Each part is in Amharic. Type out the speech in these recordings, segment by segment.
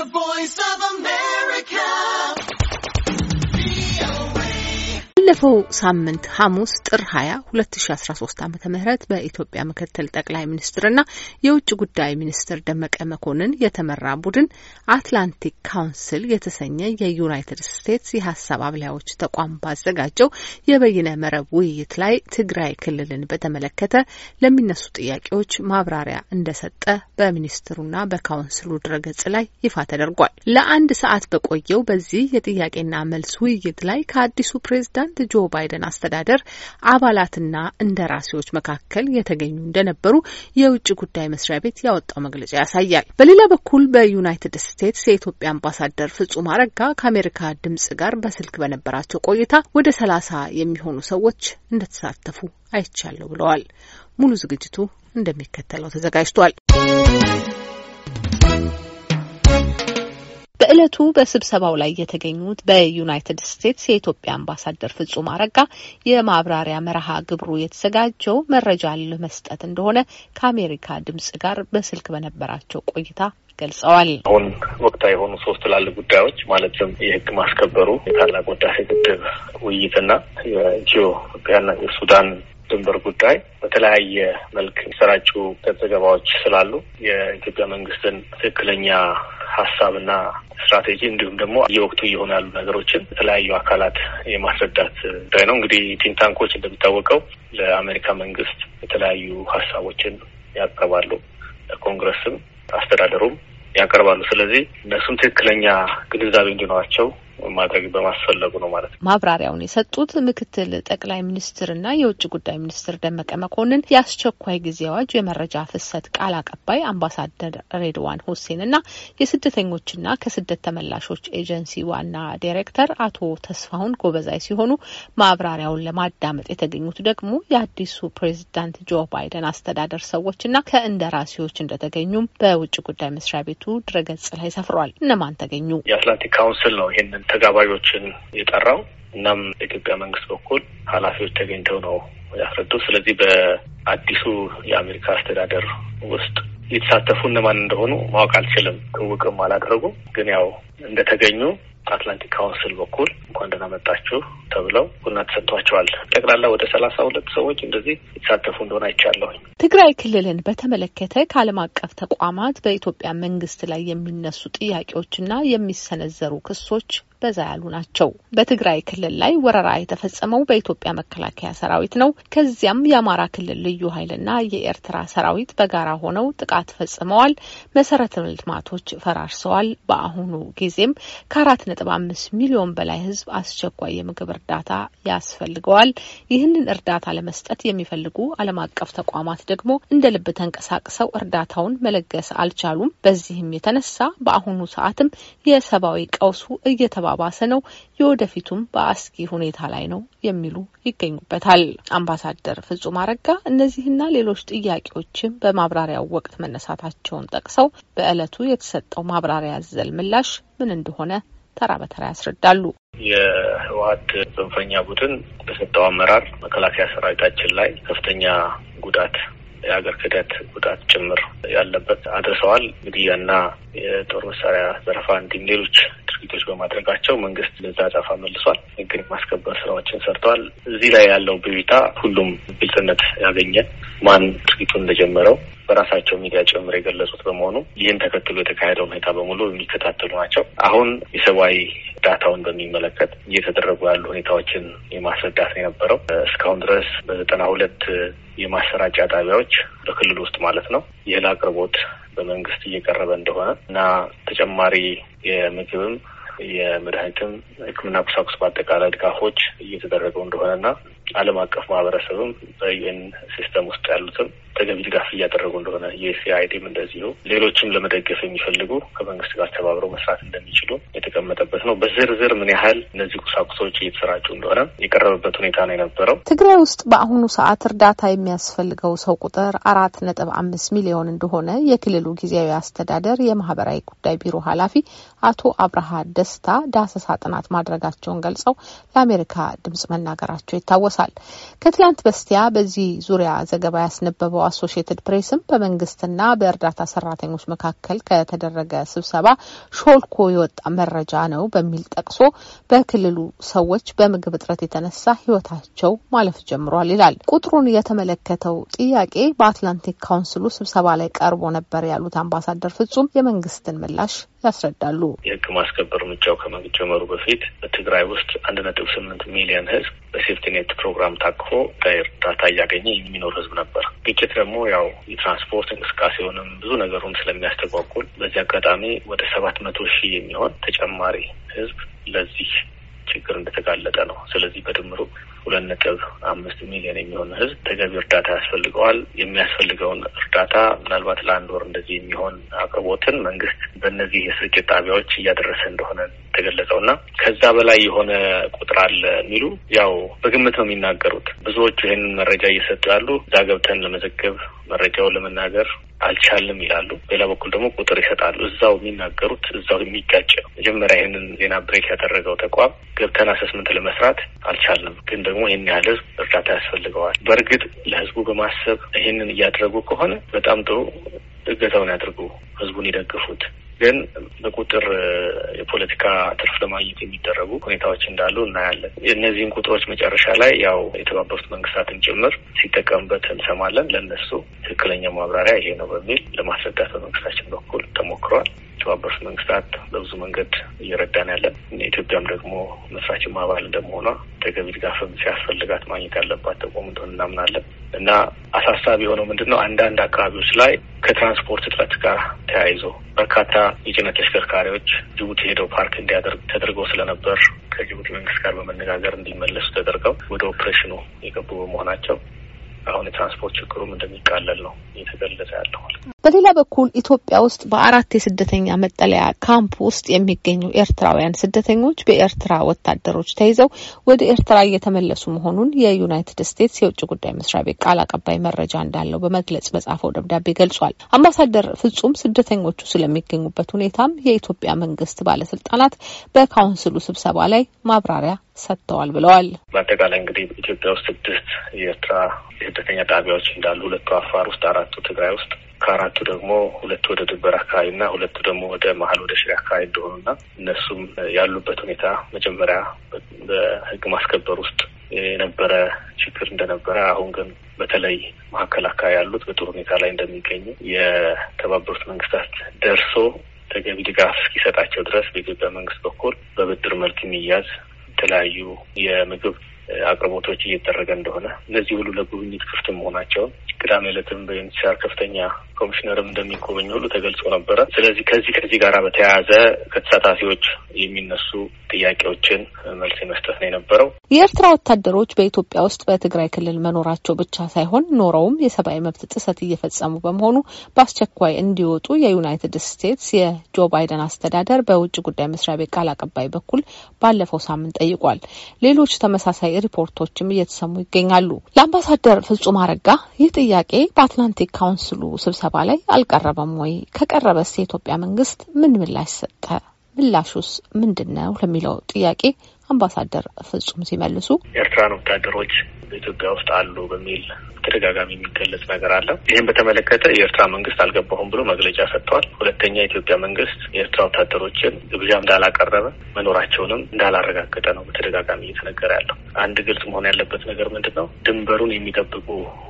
The Voice of a man. ባለፈው ሳምንት ሐሙስ ጥር 20 2013 ዓ.ም በኢትዮጵያ ምክትል ጠቅላይ ሚኒስትርና የውጭ ጉዳይ ሚኒስትር ደመቀ መኮንን የተመራ ቡድን አትላንቲክ ካውንስል የተሰኘ የዩናይትድ ስቴትስ የሀሳብ አብላዮች ተቋም ባዘጋጀው የበይነ መረብ ውይይት ላይ ትግራይ ክልልን በተመለከተ ለሚነሱ ጥያቄዎች ማብራሪያ እንደሰጠ በሚኒስትሩና በካውንስሉ ድረገጽ ላይ ይፋ ተደርጓል። ለአንድ ሰዓት በቆየው በዚህ የጥያቄና መልስ ውይይት ላይ ከአዲሱ ፕሬዝዳንት ጆ ባይደን አስተዳደር አባላትና እንደራሴዎች መካከል የተገኙ እንደነበሩ የውጭ ጉዳይ መስሪያ ቤት ያወጣው መግለጫ ያሳያል። በሌላ በኩል በዩናይትድ ስቴትስ የኢትዮጵያ አምባሳደር ፍጹም አረጋ ከአሜሪካ ድምጽ ጋር በስልክ በነበራቸው ቆይታ ወደ ሰላሳ የሚሆኑ ሰዎች እንደተሳተፉ አይቻለሁ ብለዋል። ሙሉ ዝግጅቱ እንደሚከተለው ተዘጋጅቷል። በዕለቱ በስብሰባው ላይ የተገኙት በዩናይትድ ስቴትስ የኢትዮጵያ አምባሳደር ፍጹም አረጋ የማብራሪያ መርሃ ግብሩ የተዘጋጀው መረጃ ለመስጠት እንደሆነ ከአሜሪካ ድምጽ ጋር በስልክ በነበራቸው ቆይታ ገልጸዋል። አሁን ወቅታዊ የሆኑ ሶስት ትላልቅ ጉዳዮች ማለትም የህግ ማስከበሩ፣ የታላቁ ህዳሴ ግድብ ውይይትና የኢትዮጵያና የሱዳን ድንበር ጉዳይ በተለያየ መልክ የሚሰራጩ ዘገባዎች ስላሉ የኢትዮጵያ መንግስትን ትክክለኛ ሀሳብና ስትራቴጂ እንዲሁም ደግሞ የወቅቱ እየሆኑ ያሉ ነገሮችን የተለያዩ አካላት የማስረዳት ጉዳይ ነው። እንግዲህ ቲንታንኮች እንደሚታወቀው ለአሜሪካ መንግስት የተለያዩ ሀሳቦችን ያቀርባሉ። ለኮንግረስም አስተዳደሩም ያቀርባሉ። ስለዚህ እነሱም ትክክለኛ ግንዛቤ እንዲኖራቸው ማድረግ በማስፈለጉ ነው ማለት ነው። ማብራሪያውን የሰጡት ምክትል ጠቅላይ ሚኒስትርና የውጭ ጉዳይ ሚኒስትር ደመቀ መኮንን፣ የአስቸኳይ ጊዜ አዋጅ የመረጃ ፍሰት ቃል አቀባይ አምባሳደር ሬድዋን ሁሴን እና የስደተኞችና ከስደት ተመላሾች ኤጀንሲ ዋና ዳይሬክተር አቶ ተስፋሁን ጎበዛይ ሲሆኑ ማብራሪያውን ለማዳመጥ የተገኙት ደግሞ የአዲሱ ፕሬዚዳንት ጆ ባይደን አስተዳደር ሰዎችና ከእንደራሴዎች እንደተገኙም በውጭ ጉዳይ መስሪያ ቤቱ ድረገጽ ላይ ሰፍሯል። እነማን ተገኙ? የአትላንቲክ ካውንስል ነው ይህንን ተጋባዦችን የጠራው። እናም በኢትዮጵያ መንግስት በኩል ኃላፊዎች ተገኝተው ነው ያስረዱት። ስለዚህ በአዲሱ የአሜሪካ አስተዳደር ውስጥ የተሳተፉ እነማን እንደሆኑ ማወቅ አልችልም። ትውቅም አላደረጉም። ግን ያው እንደተገኙ አትላንቲክ ካውንስል በኩል እንኳን ደህና መጣችሁ ተብለው ቡና ተሰጥቷቸዋል። ጠቅላላ ወደ ሰላሳ ሁለት ሰዎች እንደዚህ የተሳተፉ እንደሆነ አይቻለሁ። ትግራይ ክልልን በተመለከተ ከዓለም አቀፍ ተቋማት በኢትዮጵያ መንግስት ላይ የሚነሱ ጥያቄዎችና የሚሰነዘሩ ክሶች በዛ ያሉ ናቸው። በትግራይ ክልል ላይ ወረራ የተፈጸመው በኢትዮጵያ መከላከያ ሰራዊት ነው። ከዚያም የአማራ ክልል ልዩ ኃይልና የኤርትራ ሰራዊት በጋራ ሆነው ጥቃት ፈጽመዋል። መሰረተ ልማቶች ፈራርሰዋል። በአሁኑ ጊዜም ከአራት ነጥብ አምስት ሚሊዮን በላይ ህዝብ አስቸኳይ የምግብ እርዳታ ያስፈልገዋል። ይህንን እርዳታ ለመስጠት የሚፈልጉ ዓለም አቀፍ ተቋማት ደግሞ እንደ ልብ ተንቀሳቅሰው እርዳታውን መለገስ አልቻሉም። በዚህም የተነሳ በአሁኑ ሰዓትም የሰብአዊ ቀውሱ እየተባ እየተባባሰ ነው፣ የወደፊቱም በአስጊ ሁኔታ ላይ ነው የሚሉ ይገኙበታል። አምባሳደር ፍጹም አረጋ እነዚህና ሌሎች ጥያቄዎችም በማብራሪያው ወቅት መነሳታቸውን ጠቅሰው በዕለቱ የተሰጠው ማብራሪያ ዘል ምላሽ ምን እንደሆነ ተራ በተራ ያስረዳሉ። የህወሀት ጽንፈኛ ቡድን በሰጠው አመራር መከላከያ ሰራዊታችን ላይ ከፍተኛ ጉዳት የሀገር ክህደት ጉዳት ጭምር ያለበት አድርሰዋል። ግድያና የጦር መሳሪያ ዘረፋ እንዲሁም ሌሎች ድርጊቶች በማድረጋቸው መንግስት ለዛ ጫፋ መልሷል። ህግን ማስከበር ስራዎችን ሰርተዋል። እዚህ ላይ ያለው ብቢታ ሁሉም ግልጽነት ያገኘ ማን ድርጊቱን እንደጀመረው በራሳቸው ሚዲያ ጭምር የገለጹት በመሆኑ ይህን ተከትሎ የተካሄደው ሁኔታ በሙሉ የሚከታተሉ ናቸው። አሁን የሰብአዊ እርዳታውን በሚመለከት እየተደረጉ ያሉ ሁኔታዎችን የማስረዳት ነው የነበረው። እስካሁን ድረስ በዘጠና ሁለት የማሰራጫ ጣቢያዎች በክልል ውስጥ ማለት ነው የእህል አቅርቦት በመንግስት እየቀረበ እንደሆነ እና ተጨማሪ የምግብም የመድኃኒትም ሕክምና ቁሳቁስ በአጠቃላይ ድጋፎች እየተደረገው እንደሆነና ዓለም አቀፍ ማህበረሰብም በዩኤን ሲስተም ውስጥ ያሉትም ተገቢ ድጋፍ እያደረጉ እንደሆነ የሲአይዲም እንደዚሁ ሌሎችም ለመደገፍ የሚፈልጉ ከመንግስት ጋር ተባብረው መስራት እንደሚችሉ የተቀመጠበት ነው። በዝርዝር ምን ያህል እነዚህ ቁሳቁሶች እየተሰራጩ እንደሆነ የቀረበበት ሁኔታ ነው የነበረው። ትግራይ ውስጥ በአሁኑ ሰዓት እርዳታ የሚያስፈልገው ሰው ቁጥር አራት ነጥብ አምስት ሚሊዮን እንደሆነ የክልሉ ጊዜያዊ አስተዳደር የማህበራዊ ጉዳይ ቢሮ ኃላፊ አቶ አብርሃ ደስታ ዳሰሳ ጥናት ማድረጋቸውን ገልጸው ለአሜሪካ ድምጽ መናገራቸው ይታወሳል። ከትላንት በስቲያ በዚህ ዙሪያ ዘገባ ያስነበበው የዘገበው አሶሽየትድ ፕሬስም በመንግስትና በእርዳታ ሰራተኞች መካከል ከተደረገ ስብሰባ ሾልኮ የወጣ መረጃ ነው በሚል ጠቅሶ በክልሉ ሰዎች በምግብ እጥረት የተነሳ ህይወታቸው ማለፍ ጀምሯል ይላል። ቁጥሩን የተመለከተው ጥያቄ በአትላንቲክ ካውንስሉ ስብሰባ ላይ ቀርቦ ነበር ያሉት አምባሳደር ፍጹም የመንግስትን ምላሽ ያስረዳሉ። የህግ ማስከበር እርምጃው ከመጀመሩ በፊት በትግራይ ውስጥ አንድ ነጥብ ስምንት ሚሊዮን ህዝብ በሴፍቲኔት ፕሮግራም ታቅፎ እርዳታ እያገኘ የሚኖር ህዝብ ነበር። ግጭት ደግሞ ያው የትራንስፖርት እንቅስቃሴውንም ብዙ ነገሩን ስለሚያስተጓጉል በዚህ አጋጣሚ ወደ ሰባት መቶ ሺህ የሚሆን ተጨማሪ ህዝብ ለዚህ ችግር እንደተጋለጠ ነው። ስለዚህ በድምሩ ሁለት ነጥብ አምስት ሚሊዮን የሚሆን ህዝብ ተገቢ እርዳታ ያስፈልገዋል። የሚያስፈልገውን እርዳታ ምናልባት ለአንድ ወር እንደዚህ የሚሆን አቅርቦትን መንግስት በእነዚህ የስርጭት ጣቢያዎች እያደረሰ እንደሆነ የተገለጸው እና ከዛ በላይ የሆነ ቁጥር አለ የሚሉ ያው በግምት ነው የሚናገሩት። ብዙዎቹ ይህንን መረጃ እየሰጡ ያሉ እዛ ገብተን ለመዘገብ መረጃውን ለመናገር አልቻልም ይላሉ። በሌላ በኩል ደግሞ ቁጥር ይሰጣሉ። እዛው የሚናገሩት እዛው የሚጋጭ ነው። መጀመሪያ ይህንን ዜና ብሬክ ያደረገው ተቋም ገብተን አሰስመንት ለመስራት አልቻልም፣ ግን ደግሞ ይህን ያህል ህዝብ እርዳታ ያስፈልገዋል። በእርግጥ ለህዝቡ በማሰብ ይህንን እያደረጉ ከሆነ በጣም ጥሩ እገዛውን ያድርጉ፣ ህዝቡን ይደግፉት። ግን በቁጥር የፖለቲካ ትርፍ ለማግኘት የሚደረጉ ሁኔታዎች እንዳሉ እናያለን። የእነዚህን ቁጥሮች መጨረሻ ላይ ያው የተባበሩት መንግስታትን ጭምር ሲጠቀምበት እንሰማለን። ለእነሱ ትክክለኛ ማብራሪያ ይሄ ነው በሚል ለማስረዳት በመንግስታችን በኩል ተሞክሯል። የተባበሩት መንግስታት በብዙ መንገድ እየረዳን ያለን ኢትዮጵያም ደግሞ መስራችም አባል እንደመሆኗ ተገቢ ድጋፍም ሲያስፈልጋት ማግኘት ያለባት ተቆም እንደሆነ እናምናለን እና አሳሳቢ የሆነው ምንድን ነው አንዳንድ አካባቢዎች ላይ ከትራንስፖርት እጥረት ጋር ተያይዞ በርካታ የጭነት ተሽከርካሪዎች ጅቡቲ ሄደው ፓርክ እንዲያደርግ ተደርገው ስለነበር ከጅቡቲ መንግስት ጋር በመነጋገር እንዲመለሱ ተደርገው ወደ ኦፕሬሽኑ የገቡ በመሆናቸው አሁን የትራንስፖርት ችግሩም እንደሚቃለል ነው እየተገለጸ ያለው። በሌላ በኩል ኢትዮጵያ ውስጥ በአራት የስደተኛ መጠለያ ካምፕ ውስጥ የሚገኙ ኤርትራውያን ስደተኞች በኤርትራ ወታደሮች ተይዘው ወደ ኤርትራ እየተመለሱ መሆኑን የዩናይትድ ስቴትስ የውጭ ጉዳይ መስሪያ ቤት ቃል አቀባይ መረጃ እንዳለው በመግለጽ በጻፈው ደብዳቤ ገልጿል። አምባሳደር ፍጹም ስደተኞቹ ስለሚገኙበት ሁኔታም የኢትዮጵያ መንግስት ባለስልጣናት በካውንስሉ ስብሰባ ላይ ማብራሪያ ሰጥተዋል ብለዋል። በአጠቃላይ እንግዲህ ኢትዮጵያ ውስጥ ስድስት የኤርትራ የስደተኛ ጣቢያዎች እንዳሉ ሁለቱ አፋር ውስጥ፣ አራቱ ትግራይ ውስጥ ከአራቱ ደግሞ ሁለቱ ወደ ድንበር አካባቢ እና ሁለቱ ደግሞ ወደ መሀል ወደ ሽሬ አካባቢ እንደሆኑ እና እነሱም ያሉበት ሁኔታ መጀመሪያ በህግ ማስከበር ውስጥ የነበረ ችግር እንደነበረ አሁን ግን በተለይ መካከል አካባቢ ያሉት በጥሩ ሁኔታ ላይ እንደሚገኙ የተባበሩት መንግስታት ደርሶ ተገቢ ድጋፍ እስኪሰጣቸው ድረስ በኢትዮጵያ መንግስት በኩል በብድር መልክ የሚያዝ የተለያዩ የምግብ አቅርቦቶች እየተደረገ እንደሆነ እነዚህ ሁሉ ለጉብኝት ክፍት መሆናቸውን ቅዳሜ ዕለትም በዩኒሴር ከፍተኛ ኮሚሽነርም እንደሚጎበኝ ሁሉ ተገልጾ ነበረ። ስለዚህ ከዚህ ከዚህ ጋር በተያያዘ ከተሳታፊዎች የሚነሱ ጥያቄዎችን መልስ መስጠት ነው የነበረው። የኤርትራ ወታደሮች በኢትዮጵያ ውስጥ በትግራይ ክልል መኖራቸው ብቻ ሳይሆን ኖረውም የሰብአዊ መብት ጥሰት እየፈጸሙ በመሆኑ በአስቸኳይ እንዲወጡ የዩናይትድ ስቴትስ የጆ ባይደን አስተዳደር በውጭ ጉዳይ መስሪያ ቤት ቃል አቀባይ በኩል ባለፈው ሳምንት ጠይቋል። ሌሎች ተመሳሳይ ሪፖርቶችም እየተሰሙ ይገኛሉ። ለአምባሳደር ፍጹም አረጋ ይህ ጥያቄ በአትላንቲክ ካውንስሉ ስብሰባ ስብሰባ ላይ አልቀረበም ወይ? ከቀረበስ የኢትዮጵያ መንግስት ምን ምላሽ ሰጠ? ምላሹስ ምንድን ነው ለሚለው ጥያቄ አምባሳደር ፍጹም ሲመልሱ ኤርትራን ወታደሮች በኢትዮጵያ ውስጥ አሉ በሚል ተደጋጋሚ የሚገለጽ ነገር አለ። ይህም በተመለከተ የኤርትራ መንግስት አልገባሁም ብሎ መግለጫ ሰጥተዋል። ሁለተኛ የኢትዮጵያ መንግስት የኤርትራ ወታደሮችን ግብዣ እንዳላቀረበ መኖራቸውንም እንዳላረጋገጠ ነው በተደጋጋሚ እየተነገረ ያለው። አንድ ግልጽ መሆን ያለበት ነገር ምንድን ነው? ድንበሩን የሚጠብቁ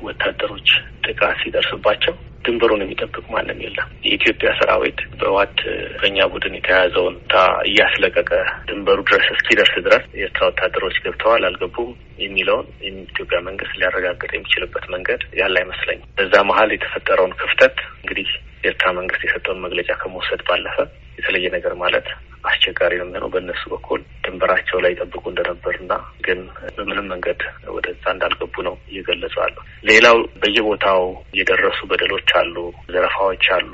ወታደሮች ጥቃት ሲደርስባቸው ድንበሩን የሚጠብቅ ማንም የለም። የኢትዮጵያ ሰራዊት በዋት በኛ ቡድን የተያዘውን ታ እያስለቀቀ ድንበሩ ድረስ እስኪደርስ ድረስ የኤርትራ ወታደሮች ገብተዋል አልገቡም የሚለውን የኢትዮጵያ መንግስት ሊያረጋግጥ የሚችልበት መንገድ ያለ አይመስለኝም። በዛ መሀል የተፈጠረውን ክፍተት እንግዲህ የኤርትራ መንግስት የሰጠውን መግለጫ ከመውሰድ ባለፈ የተለየ ነገር ማለት አስቸጋሪ ነው የሚሆነው። በእነሱ በኩል ድንበራቸው ላይ ጠብቁ እንደነበርና ግን በምንም መንገድ ወደዛ እንዳልገቡ ነው እየገለጹ አሉ። ሌላው በየቦታው የደረሱ በደሎች አሉ፣ ዘረፋዎች አሉ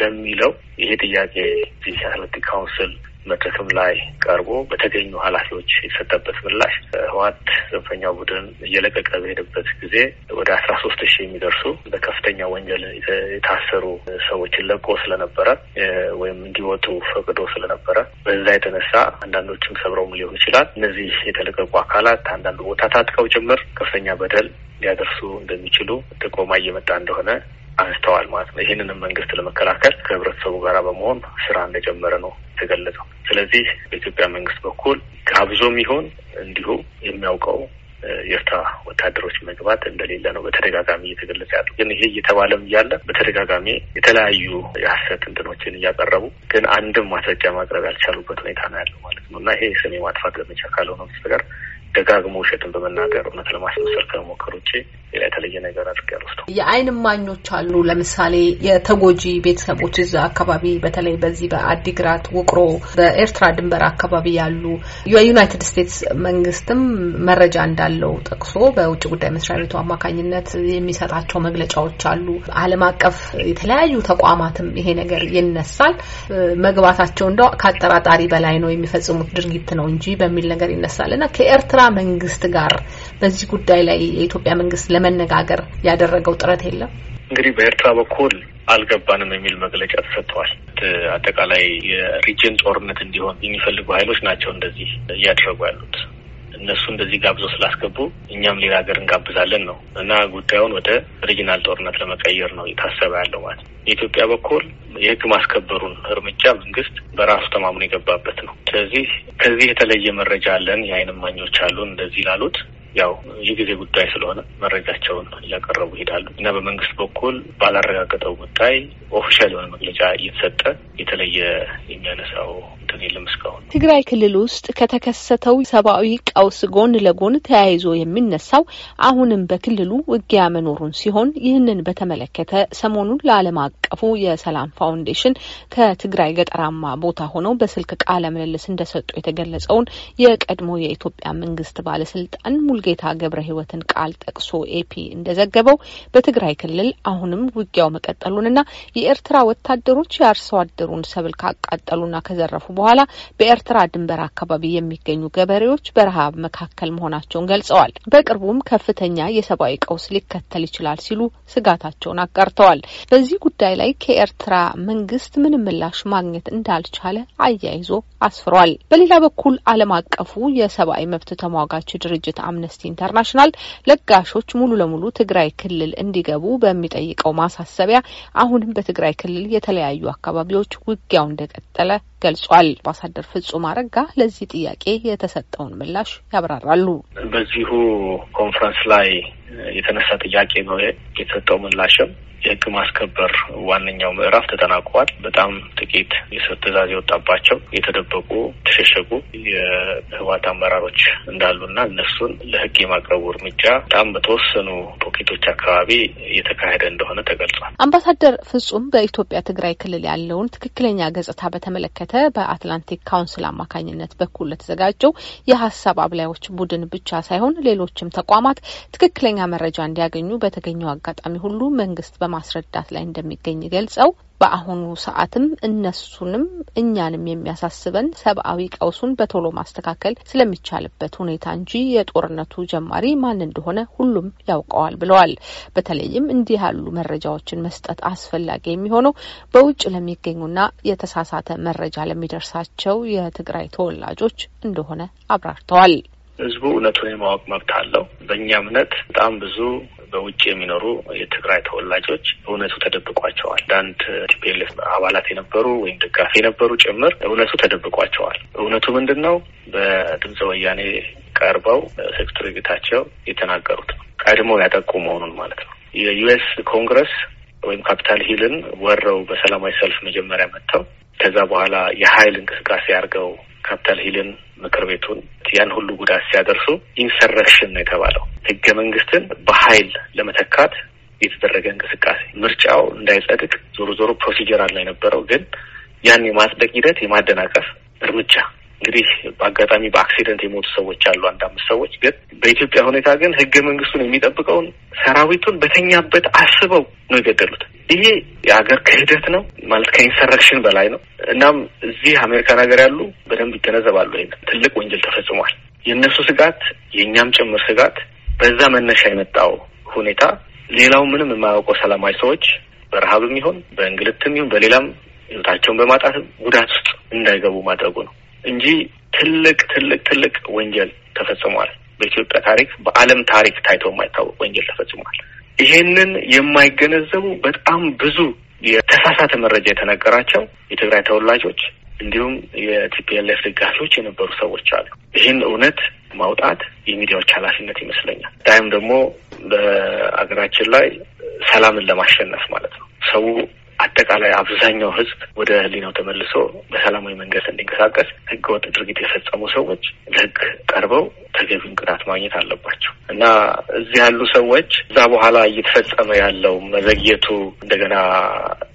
ለሚለው ይሄ ጥያቄ የዚህ የአትሌቲክ ካውንስል መድረክም ላይ ቀርቦ በተገኙ ኃላፊዎች የተሰጠበት ምላሽ ህወሓት ጽንፈኛው ቡድን እየለቀቀ በሄደበት ጊዜ ወደ አስራ ሶስት ሺህ የሚደርሱ በከፍተኛ ወንጀል የታሰሩ ሰዎችን ለቆ ስለነበረ ወይም እንዲወጡ ፈቅዶ ስለነበረ በዛ የተነሳ አንዳንዶችም ሰብረውም ሊሆን ይችላል። እነዚህ የተለቀቁ አካላት አንዳንዱ ቦታ ታጥቀው ጭምር ከፍተኛ በደል ሊያደርሱ እንደሚችሉ ጥቆማ እየመጣ እንደሆነ አንስተዋል ማለት ነው። ይህንንም መንግስት ለመከላከል ከህብረተሰቡ ጋር በመሆን ስራ እንደጀመረ ነው የተገለጸው። ስለዚህ በኢትዮጵያ መንግስት በኩል ጋብዞም ይሁን እንዲሁ የሚያውቀው የኤርትራ ወታደሮች መግባት እንደሌለ ነው በተደጋጋሚ እየተገለጸ ያሉ። ግን ይሄ እየተባለም እያለ በተደጋጋሚ የተለያዩ የሀሰት እንትኖችን እያቀረቡ ግን አንድም ማስረጃ ማቅረብ ያልቻሉበት ሁኔታ ነው ያለው ማለት ነው እና ይሄ ስሜ ማጥፋት ዘመቻ ካልሆነ በስተቀር ደጋግሞ ውሸትን በመናገር እውነት ለማስመሰል ከመሞከር ውጭ ሌላ የተለየ ነገር አድርግ ያልወስዱ የአይን ማኞች አሉ። ለምሳሌ የተጎጂ ቤተሰቦች እዛ አካባቢ በተለይ በዚህ በአዲግራት ውቅሮ፣ በኤርትራ ድንበር አካባቢ ያሉ የዩናይትድ ስቴትስ መንግስትም መረጃ እንዳለው ጠቅሶ በውጭ ጉዳይ መስሪያ ቤቱ አማካኝነት የሚሰጣቸው መግለጫዎች አሉ። ዓለም አቀፍ የተለያዩ ተቋማትም ይሄ ነገር ይነሳል። መግባታቸው እንደው ከአጠራጣሪ በላይ ነው የሚፈጽሙት ድርጊት ነው እንጂ በሚል ነገር ይነሳል እና ከኤርትራ መንግስት ጋር በዚህ ጉዳይ ላይ የኢትዮጵያ መንግስት ለመነጋገር ያደረገው ጥረት የለም? እንግዲህ በኤርትራ በኩል አልገባንም የሚል መግለጫ ተሰጥተዋል። አጠቃላይ የሪጅን ጦርነት እንዲሆን የሚፈልጉ ሀይሎች ናቸው እንደዚህ እያደረጉ ያሉት። እነሱ እንደዚህ ጋብዞ ስላስገቡ እኛም ሌላ ሀገር እንጋብዛለን ነው እና ጉዳዩን ወደ ሪጅናል ጦርነት ለመቀየር ነው የታሰበ ያለው ማለት ነው። የኢትዮጵያ በኩል የህግ ማስከበሩን እርምጃ መንግስት በራሱ ተማምኖ የገባበት ነው። ስለዚህ ከዚህ የተለየ መረጃ አለን፣ የአይን እማኞች አሉን እንደዚህ ላሉት ያው የጊዜ ጉዳይ ስለሆነ መረጃቸውን እያቀረቡ ይሄዳሉ እና በመንግስት በኩል ባላረጋገጠው ጉዳይ ኦፊሻል የሆነ መግለጫ እየተሰጠ የተለየ የሚያነሳው እንትን የለም እስካሁን። ትግራይ ክልል ውስጥ ከተከሰተው ሰብአዊ ቀውስ ጎን ለጎን ተያይዞ የሚነሳው አሁንም በክልሉ ውጊያ መኖሩን ሲሆን ይህንን በተመለከተ ሰሞኑን ለዓለም አቀፉ የሰላም ፋውንዴሽን ከትግራይ ገጠራማ ቦታ ሆነው በስልክ ቃለ ምልልስ እንደሰጡ የተገለጸውን የቀድሞ የኢትዮጵያ መንግስት ባለስልጣን ሙልጌታ ገብረ ህይወትን ቃል ጠቅሶ ኤፒ እንደዘገበው በትግራይ ክልል አሁንም ውጊያው መቀጠሉንና የኤርትራ ወታደሮች የአርሶ አደሩን ሰብል ካቃጠሉና ከዘረፉ በኋላ በኤርትራ ድንበር አካባቢ የሚገኙ ገበሬዎች በረሃብ መካከል መሆናቸውን ገልጸዋል። በቅርቡም ከፍተኛ የሰብአዊ ቀውስ ሊከተል ይችላል ሲሉ ስጋታቸውን አጋርተዋል። በዚህ ጉዳይ ላይ ከኤርትራ መንግስት ምንም ምላሽ ማግኘት እንዳልቻለ አያይዞ አስፍሯል። በሌላ በኩል ዓለም አቀፉ የሰብአዊ መብት ተሟጋች ድርጅት አምነስቲ ኢንተርናሽናል ለጋሾች ሙሉ ለሙሉ ትግራይ ክልል እንዲገቡ በሚጠይቀው ማሳሰቢያ አሁንም በትግራይ ክልል የተለያዩ አካባቢዎች ውጊያው እንደቀጠለ ገልጿል። አምባሳደር ፍጹም አረጋ ለዚህ ጥያቄ የተሰጠውን ምላሽ ያብራራሉ። በዚሁ ኮንፈረንስ ላይ የተነሳ ጥያቄ ነው የተሰጠው ምላሽም የህግ ማስከበር ዋነኛው ምዕራፍ ተጠናቋል። በጣም ጥቂት የእስር የወጣባቸው የተደበቁ ተሸሸጉ የህወሓት አመራሮች እንዳሉና እነሱን ለህግ የማቅረቡ እርምጃ በጣም በተወሰኑ ፖኬቶች አካባቢ እየተካሄደ እንደሆነ ተገልጿል። አምባሳደር ፍጹም በኢትዮጵያ ትግራይ ክልል ያለውን ትክክለኛ ገጽታ በተመለከተ በአትላንቲክ ካውንስል አማካኝነት በኩል ለተዘጋጀው የሀሳብ አብላዮች ቡድን ብቻ ሳይሆን ሌሎችም ተቋማት ትክክለኛ መረጃ እንዲያገኙ በተገኘው አጋጣሚ ሁሉ መንግስት በ በማስረዳት ላይ እንደሚገኝ ገልጸው በአሁኑ ሰዓትም እነሱንም እኛንም የሚያሳስበን ሰብአዊ ቀውሱን በቶሎ ማስተካከል ስለሚቻልበት ሁኔታ እንጂ የጦርነቱ ጀማሪ ማን እንደሆነ ሁሉም ያውቀዋል ብለዋል። በተለይም እንዲህ ያሉ መረጃዎችን መስጠት አስፈላጊ የሚሆነው በውጭ ለሚገኙና የተሳሳተ መረጃ ለሚደርሳቸው የትግራይ ተወላጆች እንደሆነ አብራርተዋል። ህዝቡ እውነቱን የማወቅ መብት አለው። በእኛ እምነት በጣም ብዙ በውጭ የሚኖሩ የትግራይ ተወላጆች እውነቱ ተደብቋቸዋል። አንዳንድ ቲፒኤልኤፍ አባላት የነበሩ ወይም ደጋፊ የነበሩ ጭምር እውነቱ ተደብቋቸዋል። እውነቱ ምንድን ነው? በድምፀ ወያኔ ቀርበው ሴክሬታሪ ቤታቸው የተናገሩት ነው። ቀድሞ ያጠቁ መሆኑን ማለት ነው። የዩኤስ ኮንግረስ ወይም ካፒታል ሂልን ወረው በሰላማዊ ሰልፍ መጀመሪያ መጥተው ከዛ በኋላ የሀይል እንቅስቃሴ አድርገው ካፒታል ሂልን ምክር ቤቱን ያን ሁሉ ጉዳት ሲያደርሱ ኢንሰረክሽን ነው የተባለው። ህገ መንግስትን በሀይል ለመተካት የተደረገ እንቅስቃሴ ምርጫው እንዳይጸድቅ ዞሮ ዞሮ ፕሮሲጀር አለ የነበረው። ግን ያን የማጽደቅ ሂደት የማደናቀፍ እርምጃ እንግዲህ በአጋጣሚ በአክሲደንት የሞቱ ሰዎች አሉ፣ አንድ አምስት ሰዎች ግን በኢትዮጵያ ሁኔታ ግን ህገ መንግስቱን የሚጠብቀውን ሰራዊቱን በተኛበት አስበው ነው የገደሉት። ይሄ የሀገር ክህደት ነው ማለት ከኢንሰረክሽን በላይ ነው። እናም እዚህ አሜሪካን ሀገር ያሉ በደንብ ይገነዘባሉ። ይ ትልቅ ወንጀል ተፈጽሟል። የእነሱ ስጋት የእኛም ጭምር ስጋት በዛ መነሻ የመጣው ሁኔታ ሌላው ምንም የማያውቀው ሰላማዊ ሰዎች በረሀብም ይሆን በእንግልትም ይሁን በሌላም ህይወታቸውን በማጣት ጉዳት ውስጥ እንዳይገቡ ማድረጉ ነው። እንጂ ትልቅ ትልቅ ትልቅ ወንጀል ተፈጽሟል። በኢትዮጵያ ታሪክ፣ በዓለም ታሪክ ታይቶ የማይታወቅ ወንጀል ተፈጽሟል። ይሄንን የማይገነዘቡ በጣም ብዙ የተሳሳተ መረጃ የተነገራቸው የትግራይ ተወላጆች እንዲሁም የቲፒኤልኤፍ ደጋፊዎች የነበሩ ሰዎች አሉ። ይህን እውነት ማውጣት የሚዲያዎች ኃላፊነት ይመስለኛል። ዳይም ደግሞ በሀገራችን ላይ ሰላምን ለማሸነፍ ማለት ነው ሰው አጠቃላይ አብዛኛው ህዝብ ወደ ህሊናው ተመልሶ በሰላማዊ መንገድ እንዲንቀሳቀስ ህገወጥ ድርጊት የፈጸሙ ሰዎች ለህግ ቀርበው ተገቢውን ቅጣት ማግኘት አለባቸው እና እዚህ ያሉ ሰዎች እዛ በኋላ እየተፈጸመ ያለው መዘግየቱ እንደገና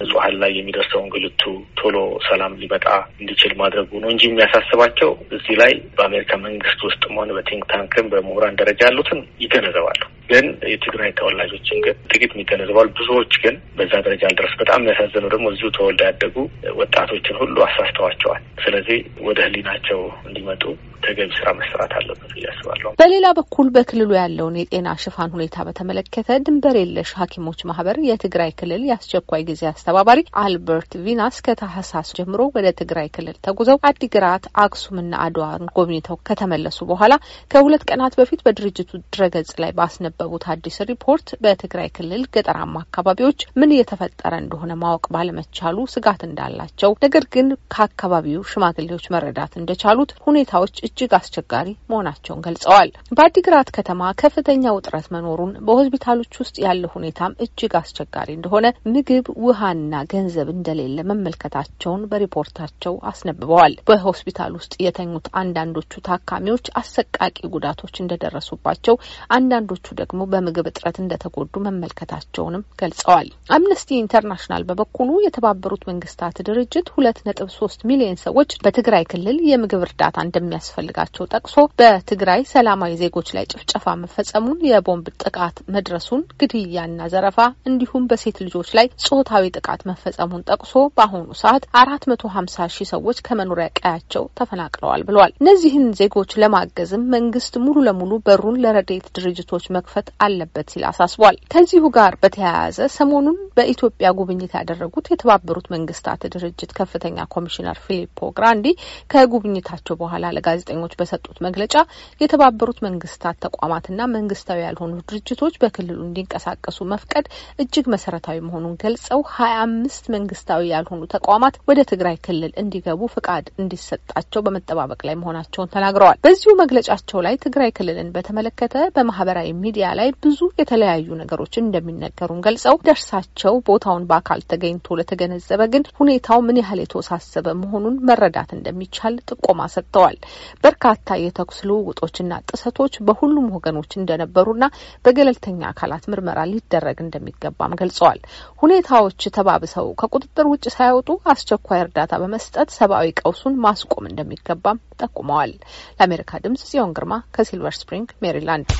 ንጹሀን ላይ የሚደርሰው እንግልቱ ቶሎ ሰላም ሊመጣ እንዲችል ማድረጉ ነው እንጂ የሚያሳስባቸው እዚህ ላይ በአሜሪካ መንግስት ውስጥ መሆን በቲንክ ታንክም በምሁራን ደረጃ ያሉትን ይገነዘባሉ። ግን የትግራይ ተወላጆችን ግን ጥቂት የሚገነዘባሉ፣ ብዙዎች ግን በዛ ደረጃ አልደረስ። በጣም የሚያሳዝነው ደግሞ እዚሁ ተወልደ ያደጉ ወጣቶችን ሁሉ አሳስተዋቸዋል። ስለዚህ ወደ ህሊናቸው እንዲመጡ ተገቢ ስራ መስራት አለበት ብዬ አስባለሁ። በሌላ በኩል በክልሉ ያለውን የጤና ሽፋን ሁኔታ በተመለከተ ድንበር የለሽ ሐኪሞች ማህበር የትግራይ ክልል የአስቸኳይ ጊዜ አስተባባሪ አልበርት ቪናስ ከታህሳስ ጀምሮ ወደ ትግራይ ክልል ተጉዘው አዲግራት፣ አክሱምና አድዋን ጎብኝተው ከተመለሱ በኋላ ከሁለት ቀናት በፊት በድርጅቱ ድረገጽ ላይ ባስነበቡት አዲስ ሪፖርት በትግራይ ክልል ገጠራማ አካባቢዎች ምን እየተፈጠረ እንደሆነ ማወቅ ባለመቻሉ ስጋት እንዳላቸው ነገር ግን ከአካባቢው ሽማግሌዎች መረዳት እንደቻሉት ሁኔታዎች እጅግ አስቸጋሪ መሆናቸውን ገልጸዋል። በአዲግራት ከተማ ከፍተኛ ውጥረት መኖሩን፣ በሆስፒታሎች ውስጥ ያለው ሁኔታም እጅግ አስቸጋሪ እንደሆነ፣ ምግብ ውሃና ገንዘብ እንደሌለ መመልከታቸውን በሪፖርታቸው አስነብበዋል። በሆስፒታል ውስጥ የተኙት አንዳንዶቹ ታካሚዎች አሰቃቂ ጉዳቶች እንደደረሱባቸው፣ አንዳንዶቹ ደግሞ በምግብ እጥረት እንደተጎዱ መመልከታቸውንም ገልጸዋል። አምነስቲ ኢንተርናሽናል በበኩሉ የተባበሩት መንግስታት ድርጅት ሁለት ነጥብ ሶስት ሚሊዮን ሰዎች በትግራይ ክልል የምግብ እርዳታ እንደሚያስፈ እንደሚያስፈልጋቸው ጠቅሶ በትግራይ ሰላማዊ ዜጎች ላይ ጭፍጨፋ መፈጸሙን፣ የቦምብ ጥቃት መድረሱን፣ ግድያና ዘረፋ እንዲሁም በሴት ልጆች ላይ ጾታዊ ጥቃት መፈጸሙን ጠቅሶ በአሁኑ ሰዓት አራት መቶ ሀምሳ ሺህ ሰዎች ከመኖሪያ ቀያቸው ተፈናቅለዋል ብለዋል። እነዚህን ዜጎች ለማገዝም መንግስት ሙሉ ለሙሉ በሩን ለረዴት ድርጅቶች መክፈት አለበት ሲል አሳስቧል። ከዚሁ ጋር በተያያዘ ሰሞኑን በኢትዮጵያ ጉብኝት ያደረጉት የተባበሩት መንግስታት ድርጅት ከፍተኛ ኮሚሽነር ፊሊፖ ግራንዲ ከጉብኝታቸው በኋላ ለጋዜ ጋዜጠኞች በሰጡት መግለጫ የተባበሩት መንግስታት ተቋማትና መንግስታዊ ያልሆኑ ድርጅቶች በክልሉ እንዲንቀሳቀሱ መፍቀድ እጅግ መሰረታዊ መሆኑን ገልጸው ሀያ አምስት መንግስታዊ ያልሆኑ ተቋማት ወደ ትግራይ ክልል እንዲገቡ ፍቃድ እንዲሰጣቸው በመጠባበቅ ላይ መሆናቸውን ተናግረዋል። በዚሁ መግለጫቸው ላይ ትግራይ ክልልን በተመለከተ በማህበራዊ ሚዲያ ላይ ብዙ የተለያዩ ነገሮች እንደሚነገሩን ገልጸው ደርሳቸው ቦታውን በአካል ተገኝቶ ለተገነዘበ ግን ሁኔታው ምን ያህል የተወሳሰበ መሆኑን መረዳት እንደሚቻል ጥቆማ ሰጥተዋል። በርካታ የተኩስ ልውውጦችና ጥሰቶች በሁሉም ወገኖች እንደነበሩና በገለልተኛ አካላት ምርመራ ሊደረግ እንደሚገባም ገልጸዋል። ሁኔታዎች ተባብሰው ከቁጥጥር ውጭ ሳይወጡ አስቸኳይ እርዳታ በመስጠት ሰብአዊ ቀውሱን ማስቆም እንደሚገባም ጠቁመዋል። ለአሜሪካ ድምጽ ጽዮን ግርማ ከሲልቨር ስፕሪንግ ሜሪላንድ